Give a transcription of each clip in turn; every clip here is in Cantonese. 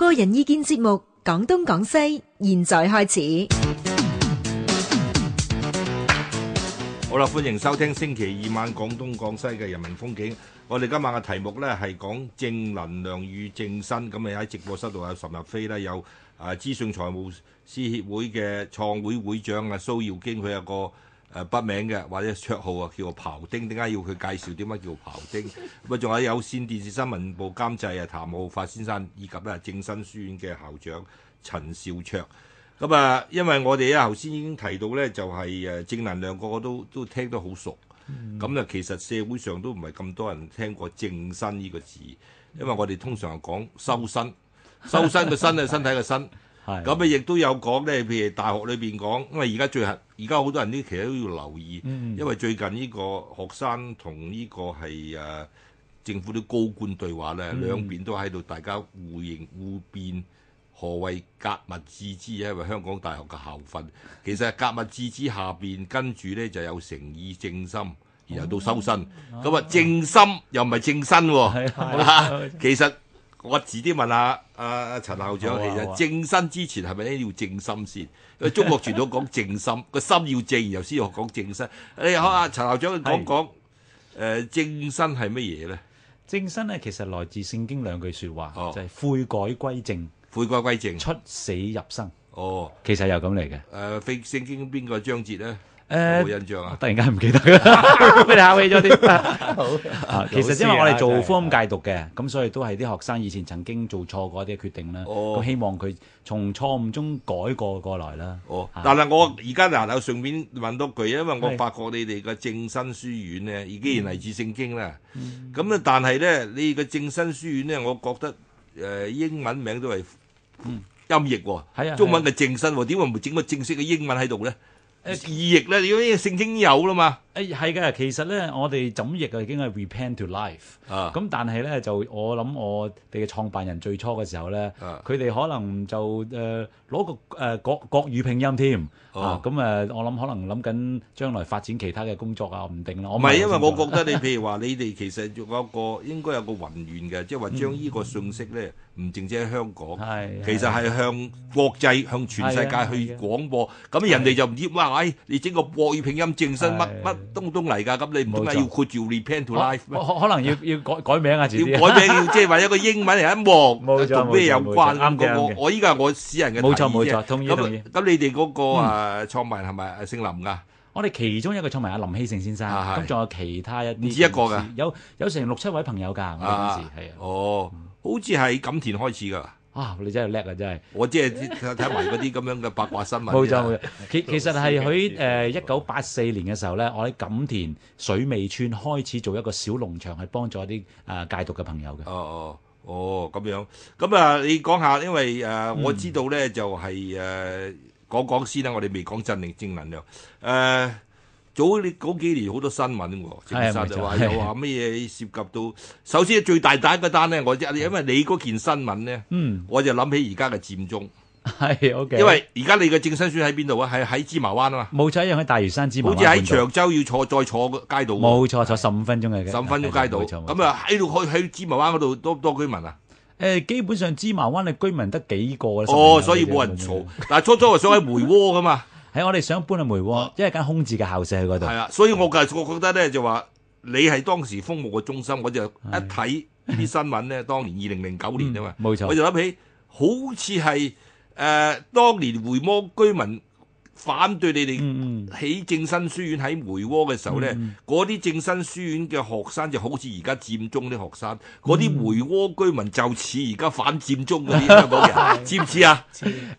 個人意見節目《講東講西》，現在開始。好啦，歡迎收聽星期二晚《講東講西》嘅《人民風景》。我哋今晚嘅題目咧係講正能量與正生。咁啊喺直播室度有岑逸飛啦，有啊資訊財務師協會嘅創會會長啊蘇耀經，佢有個。誒、啊、筆名嘅或者綽號啊，叫做庖丁，點解要佢介紹點解叫庖丁？咁啊，仲有有線電視新聞部監製啊，譚浩發先生以及咧、啊、正生書院嘅校長陳兆焯。咁啊，因為我哋啊頭先已經提到咧，就係、是、誒、啊、正能量個個都都聽得好熟。咁啊、嗯，其實社會上都唔係咁多人聽過正生呢個字，因為我哋通常係講修身，修身嘅身啊，身體嘅身。 咁啊，亦都有講咧，譬如大學裏邊講，因為而家最近，而家好多人咧，其實都要留意，嗯、因為最近呢個學生同呢個係誒、啊、政府啲高官對話咧，嗯、兩邊都喺度，大家互認互辨何謂致致，何謂格物致知？因為香港大學嘅校訓，其實格物致知下邊跟住咧就有誠意正心，然後到修身。咁、嗯、啊，正心又唔係正身喎，其實。我遲啲問下阿陳校長，其實、哦啊、正生之前係咪一定要正心先？因為中國傳統講正心，個 心要正，然後先學講正生。你阿陳校長講講誒，正生係乜嘢咧？正生咧其實來自聖經兩句說話，哦、就係悔改歸正、悔改歸正、出死入生。哦，其實又咁嚟嘅。誒、呃，聖經邊個章節咧？誒，冇印象啊！突然間唔記得啦，俾你考起咗啲。好，其實因為我哋做福音戒毒嘅，咁所以都係啲學生以前曾經做錯過啲決定啦。哦，希望佢從錯誤中改過過來啦。哦，但係我而家就順便問多句，因為我發覺你哋嘅正生書院咧，已既然嚟自聖經啦，咁咧，但係咧，你個正生書院咧，我覺得誒，英文名都係，音譯喎，係啊，中文嘅正生，點解唔整個正式嘅英文喺度咧？誒，意譯咧，因為聖經有啦嘛。誒、哎，係噶，其實咧，我哋怎譯啊，已經係 Repent to Life。啊，咁但係咧，就我諗我哋嘅創辦人最初嘅時候咧，佢哋、啊、可能就誒攞、呃、個誒、呃、國國語拼音添。啊，咁誒、啊嗯嗯，我諗可能諗緊將來發展其他嘅工作啊，唔定啦。我唔係，因為我覺得你譬 如話你哋其實做一個應該有個宏願嘅，即係話將呢個信息咧。唔淨止喺香港，其實係向國際、向全世界去廣播，咁人哋就唔知哇！你整個國語拼音正生乜乜東東嚟㗎？咁你唔係要 keep 住 reply to life 咩？可可能要要改改名啊？要改名要即係話一個英文嚟一望，同咩有關？啱講嘅。我依家我私人嘅睇點啫。冇錯冇錯，同意同意。咁咁，你哋嗰個啊創文係咪姓林㗎？我哋其中一個創文阿林希聖先生，咁仲有其他一，唔止一個㗎？有有成六七位朋友㗎。啊，係啊，哦。好似喺錦田開始噶，啊！你真係叻啊！真係， 我即係睇埋嗰啲咁樣嘅八卦新聞。冇錯 的，其 其實係喺誒一九八四年嘅時候咧，我喺錦田水尾村開始做一個小農場，係幫助啲誒戒毒嘅朋友嘅、哦。哦哦哦，咁樣，咁啊，你講下，因為誒，我知道咧、就係，就係誒講講先啦，我哋未講真正正能量。誒、呃。早你嗰幾年好多新聞喎，正生就話有話乜嘢涉及到，首先最大單嗰單咧，我因為你嗰件新聞咧，我就諗起而家嘅佔中，係，因為而家你嘅正生書喺邊度啊？喺喺芝麻灣啊嘛，冇錯，一樣喺大嶼山芝麻，好似喺長洲要坐再坐街道，冇錯，坐十五分鐘嘅，十五分鐘街道，咁啊喺度去喺芝麻灣嗰度多多居民啊？誒，基本上芝麻灣嘅居民得幾個哦，所以冇人嘈，但初初我想喺梅窩噶嘛。喺、哎、我哋想搬去梅窩，嗯、因為間空置嘅校舍度。係啊，所以我就我覺得咧，就話你係當時風暴嘅中心，我就一睇呢啲新聞咧，是的 當年二零零九年啊嘛，冇錯、嗯，我就諗起好似係誒當年梅窩居民。反對你哋起正生書院喺梅窩嘅時候咧，嗰啲正生書院嘅學生就好似而家佔中啲學生，嗰啲梅窩居民就似而家反佔中嗰啲知唔知啊？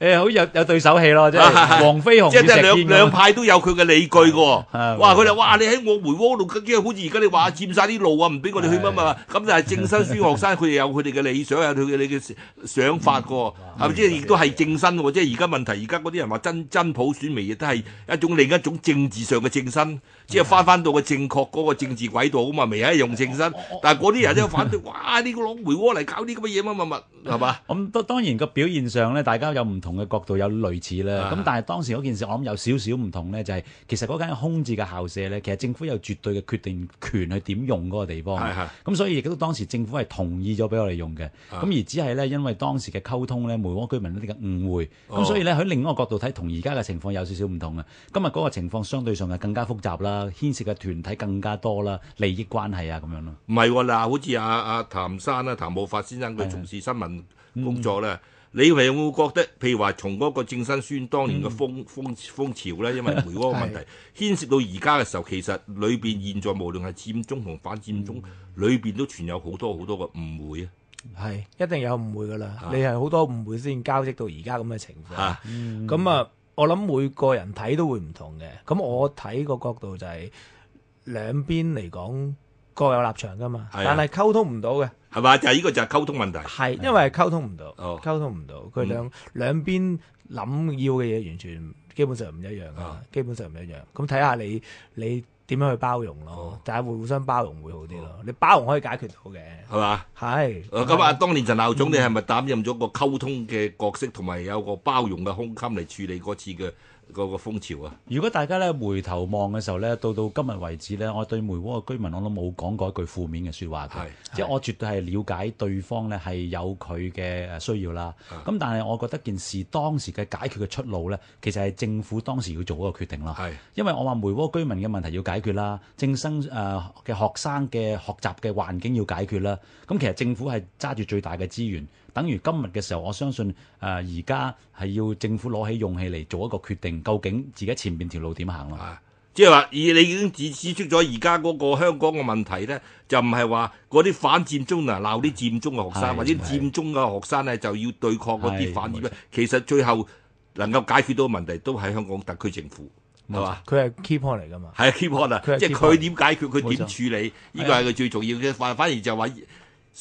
誒，好似有有對手戲咯，即係黃飛鴻，即係兩兩派都有佢嘅理據嘅喎。哇，佢哋哇，你喺我梅窩度，居然好似而家你話佔晒啲路啊，唔俾我哋去乜嘛？咁就係正生書學生，佢哋有佢哋嘅理想，有佢哋嘅想法嘅，係咪即係？亦都係正生喎。即係而家問題，而家嗰啲人話真真普選。都係一種另一種政治上嘅正生。即係翻翻到個正確嗰個政治軌道啊嘛，未喺用正身，但係嗰啲人都反對， 哇！呢個攞梅窩嚟搞啲咁嘅嘢乜乜乜，係、嗯、嘛？咁、嗯、當、嗯、當然個表現上咧，大家有唔同嘅角度，有類似啦。咁的但係當時嗰件事，我諗有少少唔同咧，就係、是、其實嗰間空置嘅校舍咧，其實政府有絕對嘅決定權去點用嗰個地方。咁的所以亦都當時政府係同意咗俾我哋用嘅。咁的而只係咧，因為當時嘅溝通咧，梅窩居民一啲嘅誤會，咁的、嗯、所以咧喺另一個角度睇，同而家嘅情況有少少唔同啊。今日嗰個情況相對上係更加複雜啦。牽涉嘅團體更加多啦，利益關係啊咁樣咯。唔係嗱，好似阿阿譚生啦，譚、啊、浩、啊、發先生佢從事新聞工作咧，是是嗯、你係會覺得，譬如話從嗰個正生書院當年嘅風、嗯、風風，風潮咧，因為梅窩問題，牽、啊、涉到而家嘅時候，其實裏邊現在無論係佔中同反佔中，嗯、裏邊都存有好多好多嘅誤會啊。係，一定有誤會噶啦。你係好多誤會先交織到而家咁嘅情況。咁啊。啊嗯嗯我諗每個人睇都會唔同嘅，咁我睇個角度就係兩邊嚟講各有立場㗎嘛，啊、但係溝通唔到嘅，係嘛？就係呢個就係溝通問題。係因為溝通唔到，哦、溝通唔到，佢兩兩邊諗要嘅嘢完全基本上唔一樣啊，基本上唔一樣、哦、基本上唔一樣。咁睇下你你，點樣去包容咯？哦、就係會互相包容會好啲咯。哦、你包容可以解決到嘅，係嘛？係。咁啊，當年陳校長，嗯、你係咪擔任咗個溝通嘅角色，同埋有個包容嘅胸襟嚟處理嗰次嘅？個個風潮啊！如果大家咧回頭望嘅時候咧，到到今日為止咧，我對梅窩嘅居民我都冇講過一句負面嘅説話的，是即係我絕對係了解對方咧係有佢嘅誒需要啦。咁是但係我覺得件事當時嘅解決嘅出路咧，其實係政府當時要做嗰個決定囉。是因為我話梅窩居民嘅問題要解決啦，正生誒嘅學生嘅學習嘅環境要解決啦。咁其實政府係揸住最大嘅資源。等於今日嘅時候，我相信誒而家係要政府攞起勇氣嚟做一個決定，究竟自己前面條路點行啊，即係話，而你已經指指出咗而家嗰個香港嘅問題咧，就唔係話嗰啲反佔中啊鬧啲佔中嘅學生，或者佔中嘅學生咧就要對抗嗰啲反佔咧。其實最後能夠解決到嘅問題都係香港特區政府，係是吧嘛？佢係 key point 嚟㗎嘛？係 key point 啊！即係佢點解決，佢點處理，呢個係佢最重要嘅。反反而就話。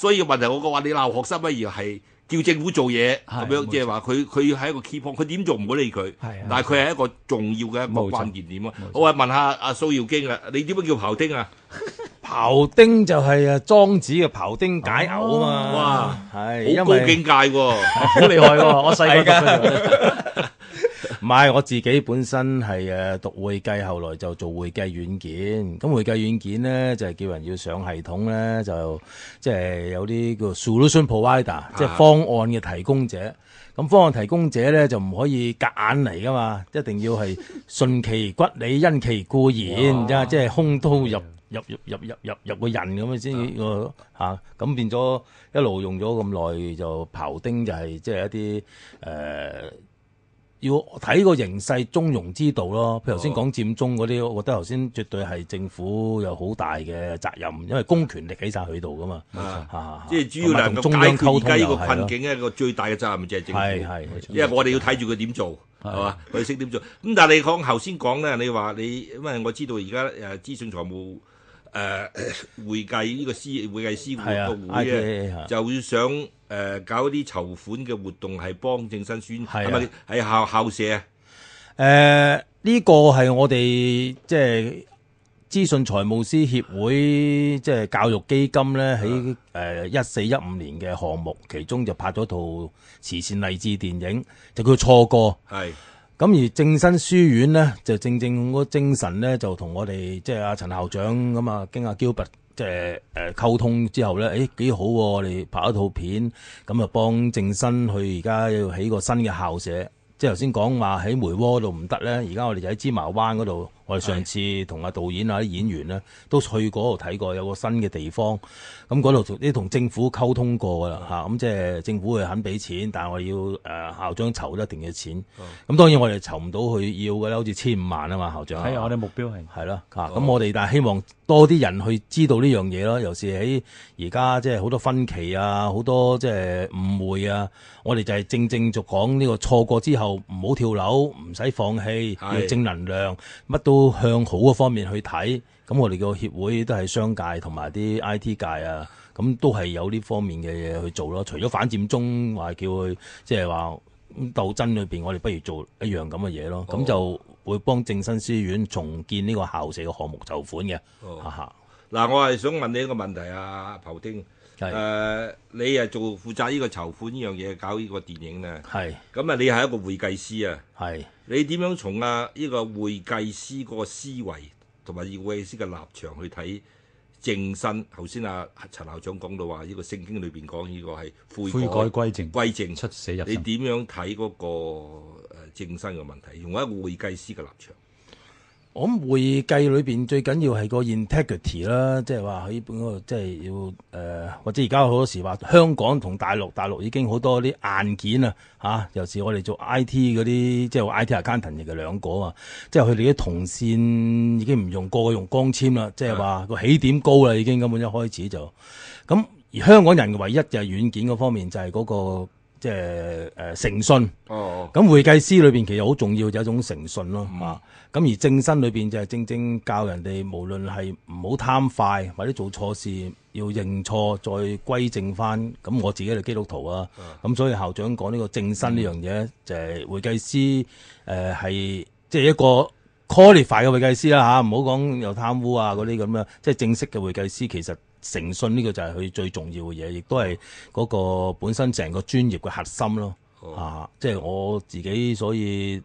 所以問題我講，話你鬧學生不如係叫政府做嘢咁樣，即係話佢佢喺一個期望，佢點做唔會理佢。啊、但係佢係一個重要嘅一個關鍵點啊！信好啊，問下阿蘇耀經啦，你點樣叫庖丁啊？庖 丁就係啊莊子嘅庖丁解牛啊嘛， 哇！好是高境界喎，好、啊、厲害喎，我細個。 是的 唔係，我自己本身係誒讀會計，後來就做會計軟件。咁會計軟件咧就係，叫人要上系統咧，就即係有啲叫 solution provider，即係，啊、方案嘅提供者。咁方案提供者咧就唔可以夾硬嚟噶嘛，一定要係順其骨理，因其固然，即係即係空刀入，啊、入入入入入入個人咁先個咁變咗一路用咗咁耐，就刨丁就係即係一啲誒。呃要睇個形勢，中庸之道咯，譬如頭先講佔中嗰啲，我覺得頭先絕對係政府有好大嘅責任，因為公權力喺晒佢度噶嘛。冇錯、啊，即係是主要嚟緊解決而家呢個困境的一個最大嘅責任就係政府，因為我哋要睇住佢點做，係嘛佢識點做。咁但係你講頭先講咧，你話你，你因為我知道而家誒資訊財務。誒、呃，會計呢個私會計師協會嘅，就會想誒、呃、搞啲籌款嘅活動，係幫正生宣傳，係咪喺、啊、校校舍？誒、呃、呢、這個係我哋即係資訊財務師協會，即、就、係、是、教育基金咧，喺誒一四一五年嘅項目，啊、其中就拍咗套慈善勵志電影，就叫錯過。咁而正生書院咧，就正正嗰精神咧，就同我哋即係阿陳校長咁啊，經阿嬌拔即係誒、呃、溝通之後咧，誒、哎、幾好喎、啊！我哋拍一套片，咁啊幫正生去而家要起個新嘅校舍，即係頭先講話喺梅窩度唔得咧，而家我哋就喺芝麻灣嗰度。我哋上次同阿導演啊啲演員咧都去嗰度睇過，有個新嘅地方。咁嗰度同同政府溝通過噶啦嚇。咁的、啊、即係政府會肯俾錢，但係我要誒校長籌一定嘅錢。咁的當然我哋籌唔到佢要嘅啦，好似千五萬啊嘛，校長。係我哋目標係。係咯，嚇、啊！咁、哦啊、我哋但係希望多啲人去知道呢樣嘢咯。尤其在在是喺而家即係好多分歧啊，好多即係誤會啊。我哋就係正正就講呢個錯過之後唔好跳樓，唔使放棄，的要正能量，乜都～都向好嘅方面去睇，咁我哋個協會都係商界同埋啲 I T 界啊，咁都係有呢方面嘅嘢去做咯。除咗反佔中，話叫佢，即係話鬥爭裏邊，我哋不如做一樣咁嘅嘢咯。咁、哦、就會幫正生書院重建呢個校舍嘅項目籌款嘅。吓、哦，嗱哈、呃，我係想問你一個問題啊，蒲丁，誒是、呃，你係做負責呢個籌款呢樣嘢，搞呢個電影咧？係是。咁啊，你係一個會計師啊？係是。你點樣從啊呢、這個會計師嗰個思維同埋會計師嘅立場去睇正生？頭先啊陳校長講到話，呢、這個聖經裏邊講呢個係悔改歸正、歸正出死入生。你點樣睇嗰個正生嘅問題？用一個會計師嘅立場？我諗會計裏邊最緊要係個 integrity 啦，即係話喺本嗰，即係要誒，或者而家好多時話香港同大陸，大陸已經好多啲硬件啊，嚇，尤其我哋做 IT 嗰啲，即係 IT accountant 嘅兩個啊，即係佢哋啲銅線已經唔用過，用光纖啦，即係話個起點高啦，已經根本一開始就，咁而香港人唯一就係軟件嗰方面就係嗰個。即係誒誠信，咁、哦哦、會計師裏邊其實好重要，就係一種誠信咯。啊，咁、嗯、而正生裏邊就係正正教人哋，無論係唔好貪快，或者做錯事要認錯，再歸正翻。咁我自己係基督徒啊，咁、嗯、所以校長講呢個正生呢樣嘢，就係會計師誒係即係一個。qualify 嘅會計師啦吓，唔好講又貪污啊嗰啲咁樣，即係正式嘅會計師，其實誠信呢個就係佢最重要嘅嘢，亦都係嗰個本身成個專業嘅核心咯嚇、嗯啊。即係我自己，所以誒、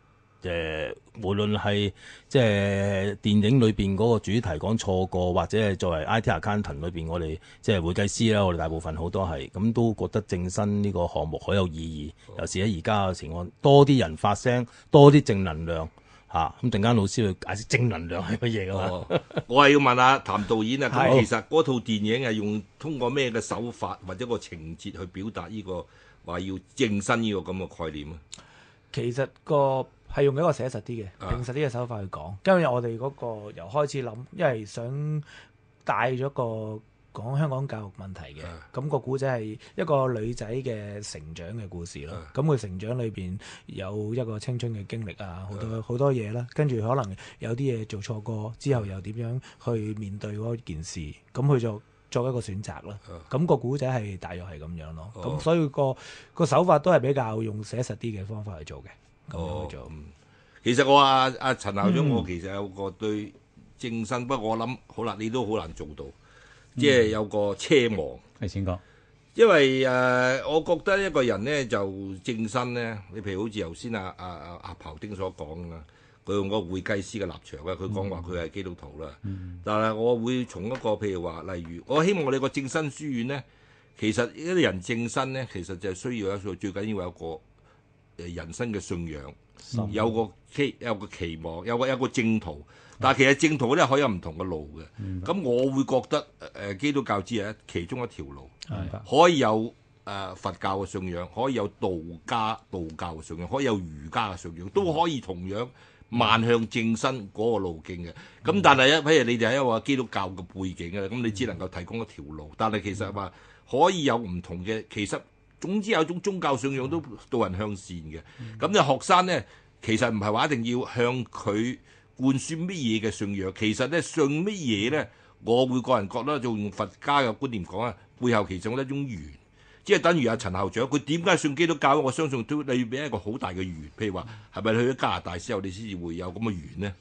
呃，無論係即係電影裏邊嗰個主題講錯過，或者係作為 IT accountant 裏邊，我哋即係會計師啦，我哋大部分好多係咁，都覺得正生呢個項目好有意義。嗯、尤其喺而家嘅情況，多啲人發聲，多啲正能量。啊！咁陣間老師會解釋正能量係乜嘢啊我係要問下譚導演啊， 其實嗰套電影係用通過咩嘅手法或者個情節去表達呢、呢個話要正身呢個咁嘅概念啊？其實個係用一個寫實啲嘅、平、啊、實啲嘅手法去講。今日我哋嗰個由開始諗，因為想帶咗個。講香港教育問題嘅，咁、那個古仔係一個女仔嘅成長嘅故事咯。咁、那、佢、個、成長裏邊有一個青春嘅經歷啊，好多好多嘢啦。跟住可能有啲嘢做錯過，之後又點樣去面對嗰件事？咁佢就作一個選擇啦。咁、那個古仔係大約係咁樣咯。咁、啊、所以個個手法都係比較用寫實啲嘅方法去做嘅咁、啊、樣去做。其實我阿阿、啊啊、陳校長，嗯、我其實有個對正生，不過我諗好難，你都好難做到。即係有個奢望，係先講？因為誒、呃，我覺得一個人咧就正生咧，你譬如好似頭先阿阿阿阿蒲丁所講啊，佢用個會計師嘅立場啊，佢講話佢係基督徒啦，嗯、但係我會從一個譬如話，例如我希望我哋個正生書院咧，其實一個人正生咧，其實就係需要有一個最緊要有個誒人生嘅信仰。有個期有個期望，有個有個正途，但係其實正途嗰啲可以有唔同嘅路嘅。咁、嗯、我會覺得誒、呃、基督教只係其中一條路，嗯、可以有誒、呃、佛教嘅信仰，可以有道家道教嘅信仰，可以有儒家嘅信仰，都可以同樣邁向正身嗰個路徑嘅。咁但係一譬如你哋係話基督教嘅背景嘅，咁你只能夠提供一條路。但係其實話可以有唔同嘅，其實。總之有一種宗教信仰都導人向善嘅，咁你、嗯、學生咧其實唔係話一定要向佢灌輸乜嘢嘅信仰，其實咧信乜嘢咧，我會個人覺得就用佛家嘅觀念講啊，背後其中一種緣，即係等於阿陳校長，佢點解信基督教？我我相信都你要俾一個好大嘅緣，譬如話係咪去咗加拿大之後，你先至會有咁嘅緣呢？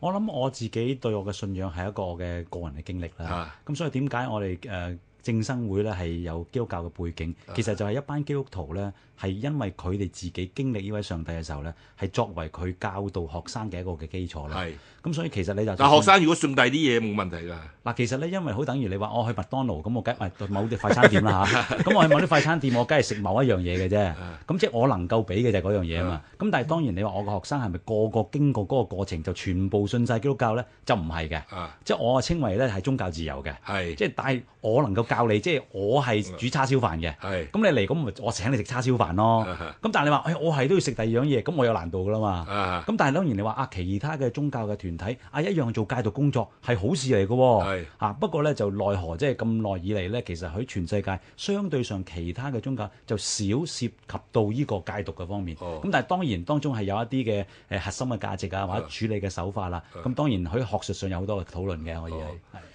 我諗我自己對我嘅信仰係一個嘅個人嘅經歷啦，咁、啊、所以點解我哋誒，呃正生會咧係有基督教嘅背景，其實就係一班基督徒咧。係因為佢哋自己經歷呢位上帝嘅時候咧，係作為佢教導學生嘅一個嘅基礎啦。係是。咁所以其實你就但學生如果信第啲嘢冇問題㗎。嗱，其實咧，因為好等於你話，我去麥當勞咁，我梗唔係某啲快餐店啦嚇。咁、啊嗯 嗯、我去某啲快餐店，我梗係食某一樣嘢嘅啫。咁即係我能夠俾嘅就係嗰樣嘢啊嘛。咁、啊啊、但係當然你話我個學生係咪個個經過嗰個過程就全部信晒基督教咧？就唔係嘅。啊啊、即係我稱為咧係宗教自由嘅。係、啊。嗯、即係但係我能夠教你，即係我係煮叉燒飯嘅。係、啊。咁、嗯嗯、你嚟咁，我請你食叉燒飯。嗯咯，咁但係你話，誒，我係都要食第二樣嘢，咁我有難度噶啦嘛。咁但係當然你話啊，其他嘅宗教嘅團體啊，一樣做戒毒工作係好事嚟噶。係啊，不過咧就奈何即係咁耐以嚟咧，其實喺全世界相對上其他嘅宗教就少涉及到呢個戒毒嘅方面。咁但係當然當中係有一啲嘅誒核心嘅價值啊，或者處理嘅手法啦。咁當然喺學術上有好多嘅討論嘅，可以係。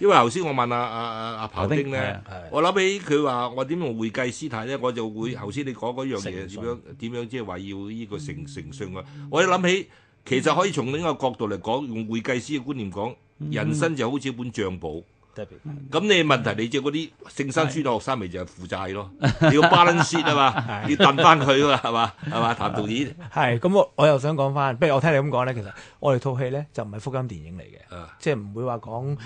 因為頭先我問阿阿阿阿彭丁咧，我諗起佢話我點用會計師睇咧，我就會頭先你講嗰樣。點樣點樣即係話要呢個誠誠信啊！我一諗起，其實可以從另一個角度嚟講，用會計師嘅觀念講，人生就好似一本賬簿。特別咁你問題，你借嗰啲正生書嘅學生，咪就係負債咯，要 balance 啊嘛，要掟翻佢啊嘛，係嘛，係嘛？譚導演係咁，我又想講翻，不如我聽你咁講咧，其實我哋套戲咧就唔係福音電影嚟嘅，即係唔會話講誒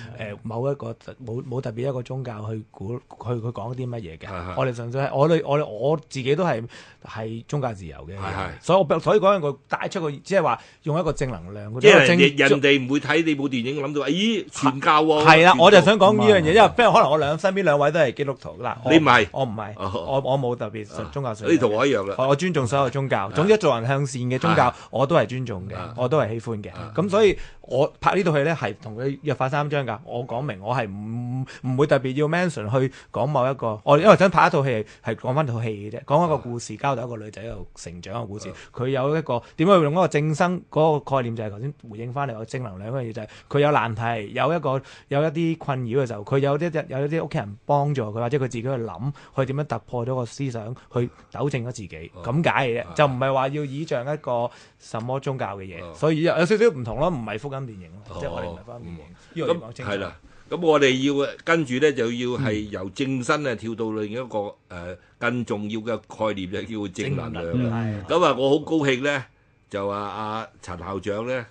某一個冇冇特別一個宗教去估去去講啲乜嘢嘅，我哋純粹係我哋我哋我自己都係係宗教自由嘅，所以我所以講佢帶出個即係話用一個正能量。因為人哋唔會睇你部電影諗到話，咦，傳教喎。係啦，我就想。講呢樣嘢，因為可能我兩身邊兩位都係基督徒嗱，你唔係，我唔係，我我冇特別信宗教，啊。你同我一樣啦，我尊重所有宗教。啊、總之做人向善嘅宗教，啊、我都係尊重嘅，啊、我都係喜歡嘅。咁、啊、所以我拍戲呢套戲咧，係同佢約法三章噶。我講明我，我係唔唔會特別要 mention 去講某一個。我因為想拍一套戲，係講翻套戲嘅啫，講一個故事，交代一個女仔喺度成長嘅故事。佢、啊、有一個點解用一個正生嗰、那個概念，就是，就係頭先回應翻嚟我正能量嗰嘢，就係、是、佢有難題，有一個有一啲困。嘅時候，佢有啲有啲屋企人幫助佢，或者佢自己去諗，去點樣突破咗個思想，去糾正咗自己咁解嘅啫，就唔係話要倚仗一個什麼宗教嘅嘢，所以有少少唔同咯，唔係福音電影咯，即係唔係福音電影。咁係啦，咁我哋要跟住咧，就要係由正生啊跳到另一個誒更重要嘅概念，就叫正能量。咁啊，我好高興咧，就話阿陳校長咧。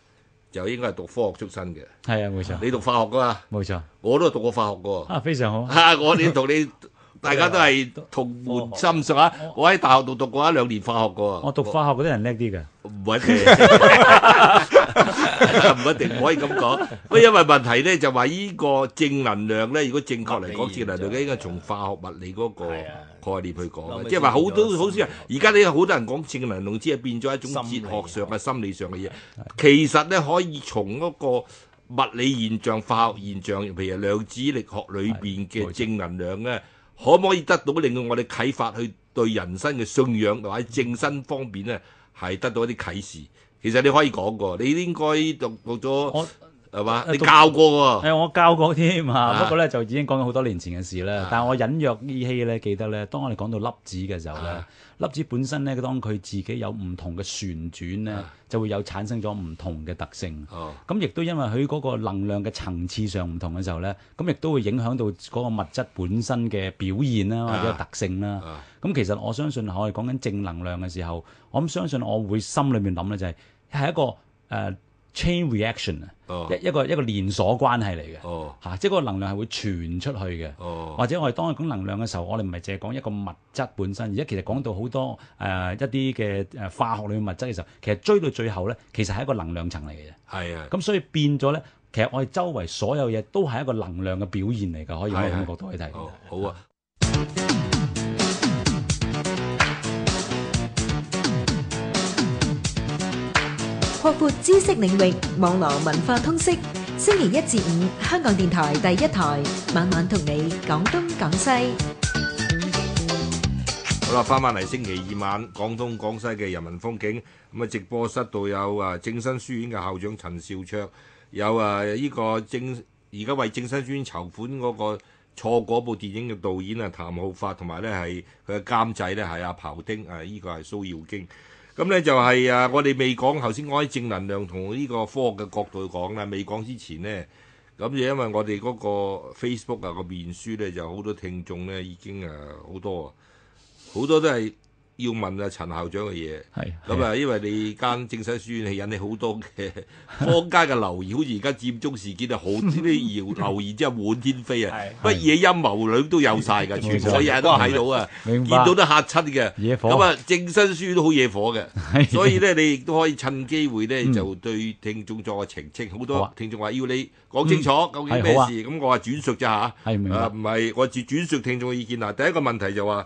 就應該係讀科學出身嘅。係啊，冇錯。你讀化學㗎嘛？冇錯錯，我都係讀過化學㗎喎。啊，非常好。嚇， 我哋同你。 大家都係同門心上啊！我喺大學度讀過一兩年化學個。我讀化學嗰啲人叻啲嘅，唔一定唔一定唔可以咁講。不過因為問題咧，就話依個正能量咧，如果正確嚟講，就是、正能量咧應該從化學物理嗰個概念去講。即係話好多好少而家咧好多人講正能量，只係變咗一種哲學上嘅心理上嘅嘢。其實咧，可以從嗰個物理現象、化學現象，譬如量子力學裏邊嘅正能量咧。可唔可以得到令到我哋啟發去對人生嘅信仰或者正生方面呢？係得到一啲啟示？其實你可以講過，你應該讀讀咗。係你教過喎？誒、 哎，我教過添嚇。啊、不過呢，就已經講咗好多年前嘅事啦。啊、但係我隱約依稀呢，記得呢，當我哋講到粒子嘅時候呢，啊、粒子本身呢，當佢自己有唔同嘅旋轉呢，啊、就會有產生咗唔同嘅特性。哦、啊。咁亦都因為佢嗰個能量嘅層次上唔同嘅時候呢，咁亦都會影響到嗰個物質本身嘅表現啦，或者、啊、個特性啦。咁其實我相信我哋講緊正能量嘅時候，我相信我會心裏面諗呢，就係、係、係一個誒。Chain reaction 啊，一一個一個連鎖關係嚟嘅，嚇、oh. 啊，即係嗰個能量係會傳出去嘅，oh. 或者我哋當講能量嘅時候，我哋唔係淨係講一個物質本身，而係其實講到好多誒、呃、一啲嘅誒化學類物質嘅時候，其實追到最後咧，其實係一個能量層嚟嘅。係啊，咁所以變咗咧，其實我哋周圍所有嘢都係一個能量嘅表現嚟㗎，可以喺呢個角度去睇，oh. 好啊。擴闊知識領域，網絡文化通識。星期一至五，香港電台第一台，晚晚同你講東講西。好啦，翻翻嚟星期二晚，講東講西嘅人民風景。咁啊，直播室度有啊正生書院嘅校長陳兆焯，有啊呢個正而家為正生書院籌款嗰個錯過部電影嘅導演啊譚浩發，同埋咧係佢嘅監製咧係阿庖丁啊，呢、這個係蘇耀經。咁咧、嗯、就係、是、啊，我哋未講頭先講喺正能量同呢個科學嘅角度講啦，未講之前咧，咁就因為我哋嗰個 Facebook 啊個面書咧，就好多聽眾咧已經啊好多，啊，好多，好多都係。要問啊陳校長嘅嘢，咁啊，因為你間正生書院係引起好多嘅坊間嘅流言，好似而家佔中事件啊，好啲啲謠流言真係滿天飛啊，乜嘢陰謀論都有晒嘅，全部嘢都睇到啊，見到都嚇親嘅。咁啊，正生書院都好惹火嘅，所以咧，你亦都可以趁機會咧，就對聽眾作個澄清。好多聽眾話要你講清楚究竟咩事，咁我話轉述啫嚇，啊唔係我自轉述聽眾嘅意見嗱。第一個問題就話。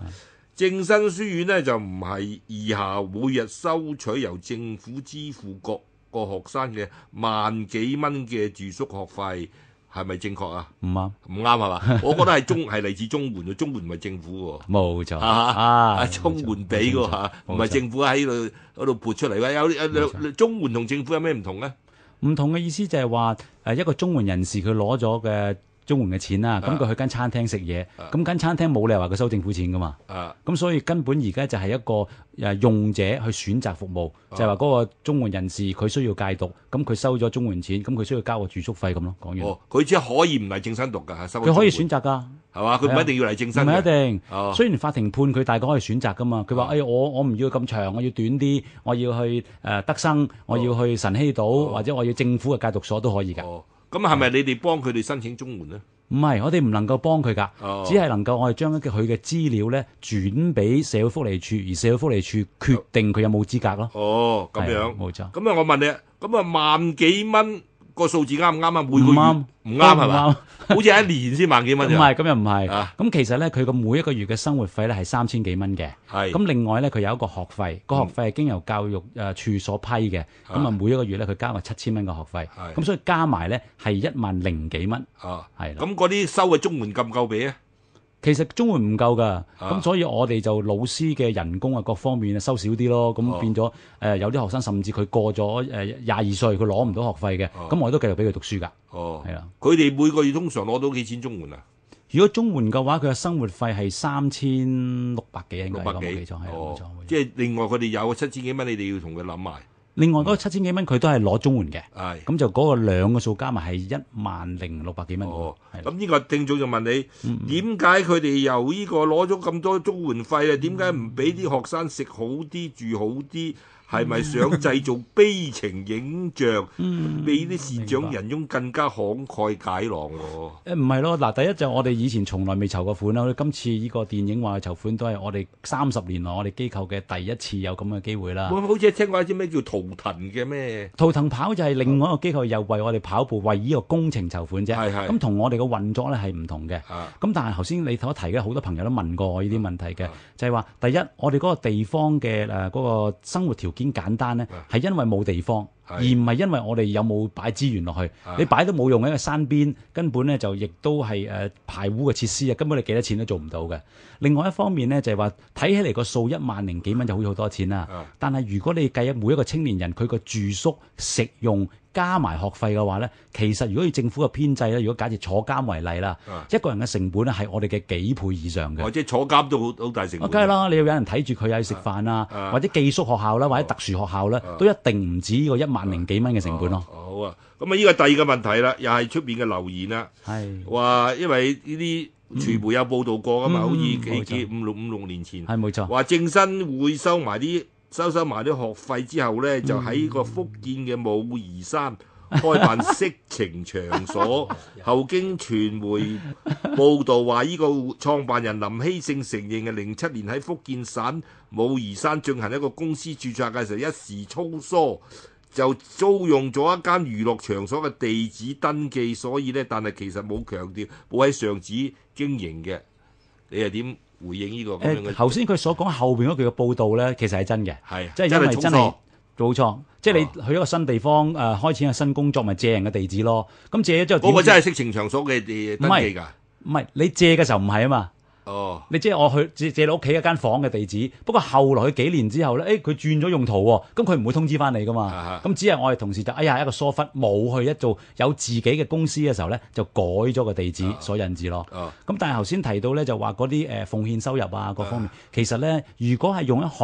正生書院咧就唔係以下每日收取由政府支付各個學生嘅萬幾蚊嘅住宿學費，係咪正確啊？唔啱對，唔啱係嘛？ 我覺得係中係嚟自中援嘅，中援唔係政府喎。冇錯啊！啊，中援俾嘅嚇，唔係政府喺度度撥出嚟嘅。有有，有錯中援同政府有咩唔同咧？唔同嘅意思就係話誒一個中援人士佢攞咗嘅。中綜援嘅錢啦，咁佢去間餐廳食嘢，咁、啊、間餐廳冇理由話佢收政府錢噶嘛，咁、啊、所以根本而家就係一個誒用者去選擇服務，啊、就係話嗰個中綜援人士佢需要戒毒，咁佢收咗中綜援錢，咁佢需要交個住宿費咁咯。講完，佢只、哦、可以唔係正生讀嘅嚇，佢可以選擇㗎，係嘛？佢唔一定要嚟正生，唔係、啊、一定。哦、雖然法庭判佢但佢可以選擇㗎嘛，佢話：啊、哎，我我唔要咁長，我要短啲，我要去誒德生，我要去晨曦島，哦、或者我要政府嘅戒毒所都可以㗎。哦咁係咪你哋幫佢哋申請綜援咧？唔係，我哋唔能夠幫佢噶，哦、只係能夠我哋將佢嘅資料咧轉俾社會福利署，而社會福利署決定佢有冇資格咯。哦，咁樣冇錯。咁啊，我問你，咁啊萬幾蚊？個數字啱唔啱啊？每個月唔啱，唔啱係嘛？好似係一年先萬幾蚊啫。唔係，咁又唔係。咁其實咧，佢個每一個月嘅生活費咧係三千幾蚊嘅。係。咁另外咧，佢有一個學費，個學費係經由教育誒處所批嘅。咁啊，每一個月咧，佢加埋七千蚊嘅學費。係。咁所以加埋咧係一萬零幾蚊。啊，係啦。咁嗰啲收嘅綜援夠唔夠俾啊？其實中援唔夠噶，咁、啊、所以我哋就老師嘅人工啊，各方面啊收少啲咯，咁、哦、變咗誒、呃，有啲學生甚至佢過咗誒廿二歲，佢攞唔到學費嘅，咁、哦、我都繼續俾佢讀書噶，係啦、哦。佢哋的每個月通常攞到幾錢中援啊？如果中援嘅話，佢嘅生活費係三千六百幾，六百幾，應該，冇錯，冇錯。即係另外佢哋有七千幾蚊，你哋要同佢諗埋。另外嗰七千幾蚊佢都係攞綜援嘅，咁的就嗰個兩個數加埋係一萬零六百幾蚊。咁呢、哦哦、的個聽眾就問你，點解佢哋由呢個攞咗咁多綜援費啊？點解唔俾啲學生食好啲住好啲？係咪、 嗯、想製造悲情影像，俾啲善長人翁更加慷慨解囊喎？唔係、嗯、咯，嗱第一就我哋以前從來未籌過款啦，今次呢個電影話籌款都係我哋三十年來我哋機構嘅第一次有咁嘅機會啦。好似、嗯、聽過一啲咩叫圖騰嘅咩？圖騰跑就係另外一個機構，又為我哋跑步為呢個工程籌款啫。咁同、嗯、我哋個運作咧係唔同嘅。咁是、嗯、但係頭先你所提嘅好多朋友都問過我呢啲問題嘅，是就係話第一我哋嗰個地方嘅誒嗰個生活條件。兼簡單呢係因為冇地方，而唔係因為我哋有冇擺資源落去。你擺都冇用嘅，山邊根本呢就亦都係誒排污嘅設施啊，根本你幾多錢都做唔到嘅。另外一方面呢，就係話睇起嚟個數一萬零幾蚊就好似好多錢啦。但係如果你計啊每一個青年人佢個住宿、食用。加埋學費嘅話咧，其實如果以政府嘅編制咧，如果假設坐監為例啦，一個人嘅成本咧係我哋嘅幾倍以上嘅，或者坐監都好大成本。梗係啦，你要有人睇住佢喺食飯啊，或者寄宿學校啦，或者特殊學校咧，都一定唔止呢個一萬零幾蚊嘅成本咯。好啊，咁啊，呢個第二個問題啦，又係出面嘅留言啦，係話因為呢啲傳媒有報道過噶嘛，好似幾幾五六五六年前係冇錯，話正生會收埋啲收收埋啲學費之後呢，呢就喺個福建嘅武夷山開辦色情場所。 後經傳媒報道話，呢個創辦人林希勝承認，係零七年喺福建省武夷山進行一個公司註冊嘅時候，一時粗疏就租用咗一間娛樂場所嘅地址登記。所以呢，但係其實冇強調，冇喺上址經營嘅，你又點？回應呢、呢個誒，頭先佢所講後邊嗰句嘅報道咧，其實係真嘅，係的即係因為真係冇錯，即係你去一個新地方誒、啊呃，開始個新工作咪、就是、借人嘅地址咯，咁借咗之後，嗰個真係色情場所嘅地址是登記噶，唔係你借嘅時候唔係啊嘛。哦，你、oh. 即係我去借借你屋企一間房嘅地址，不過後來佢幾年之後咧，誒、哎，佢轉咗用途喎，咁佢唔會通知翻你噶嘛，咁、uh huh. 只係我哋同事就哎呀一個疏忽，冇去一做有自己嘅公司嘅時候咧，就改咗個地址、uh huh. 所引致咯。哦、uh，咁、huh. 但係頭先提到咧就話啲誒奉獻收入啊各方面，uh huh. 其實咧如果係用一